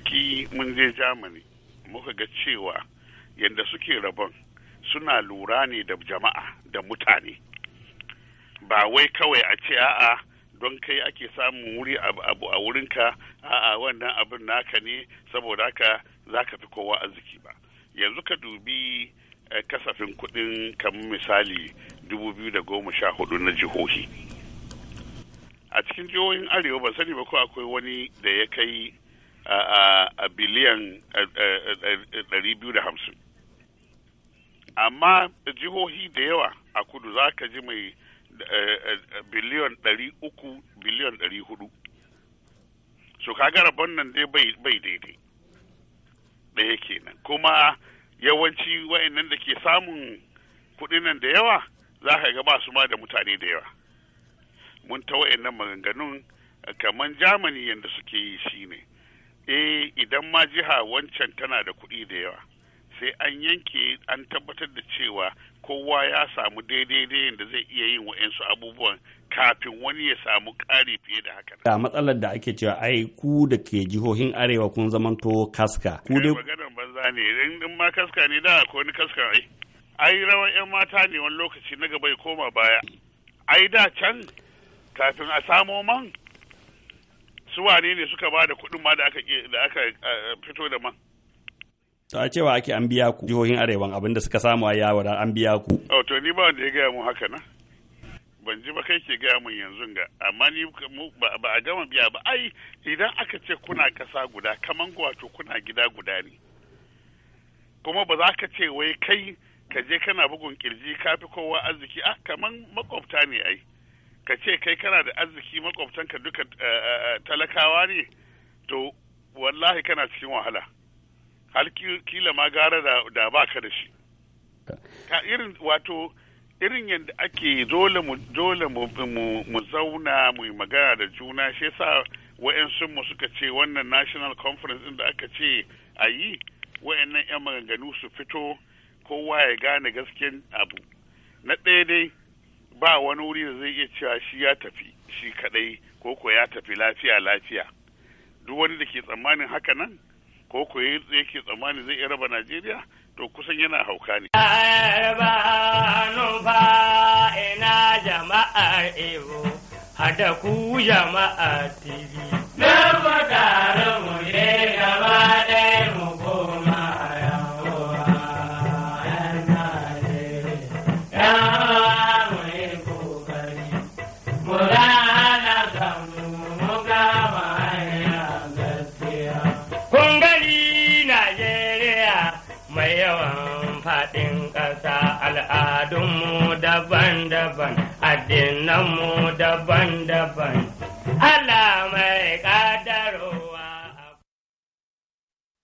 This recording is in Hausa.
kwanaki mun je germany muka ga cewa yadda suke rabon suna lura ne da jama'a da mutane ba wai kawai a ce a'a don kai ake samun wuri abu a wurinka a'a wannan abin naka ne saboda haka za ka fi kowa arziki ba yanzu ka dubi eh, kasafin kudin kamar misali 2014 na jihohi a cikin jihohin arewa ba sani ba ko akwai wani da ya kai a biliyan hamsin amma jihohi da yawa a kudu za ka ji mai biliyan eh, 300 eh, biliyon hudu. so kaga rabon nan dai bai daidai ɗaya kenan kuma yawanci wa'annan da ke samun kuɗin nan da yawa za ka ga ba su ma da mutane da yawa mun ta wa'annan maganganun eh, kamar jamani yadda suke yi shine eh idan ma jiha wancan tana da kuɗi da yawa sai an yanke an tabbatar da cewa kowa ya samu daidai da zai iya yin wa'insu abubuwan kafin wani ya samu ƙari fiye da haka. Da matsalar da ake cewa ai ku da ke jihohin arewa kun zamanto kaska. Ku dai maganar banza ne in ma kaska ne da ko wani kaska ai. Ai rawar 'yan mata ne wani lokaci na gaba ya koma baya. Ai da can kafin a samo man su wane ne suka ba da kuɗin ma da aka fito da man to a cewa ake an biya ku jihohin arewan abin suka samu a yawo da an biya ku oh to ni ba wanda ya gaya mu haka na ban ji ba kai ke gaya mun yanzu ga amma ni ba a gama biya ba ai idan aka ce kuna kasa guda kaman wato kuna gida guda ne kuma ba za ka ce wai kai ka je kana bugun kirji ka fi kowa arziki a ah, kaman makwabta ne ai ka ce kai kana da arziki makwabtanka duka eh, eh, eh, talakawa ne to wallahi kana cikin wahala har kila ma gara da ba ka da shi ka irin wato irin yadda ake dole mu dole mu zauna mu yi magana da juna shi yasa wa'yansu mu suka ce wannan national conference da aka ce a yi wa'yannan 'yan maganganu su fito kowa ya gane gaskiyan abu na ɗaya dai ba wani wuri da zai iya cewa shi ya tafi shi kadai ko ko ya tafi lafiya lafiya duk wani da ke tsammanin haka nan ko ko yake tsammanin zai iya raba Najeriya to kusan yana hauka ne. ina jama'ar Ibo, hada ku jama'ar TV. Na faɗin ƙasa al'adunmu daban-daban addinanmu daban-daban Allah mai ƙasa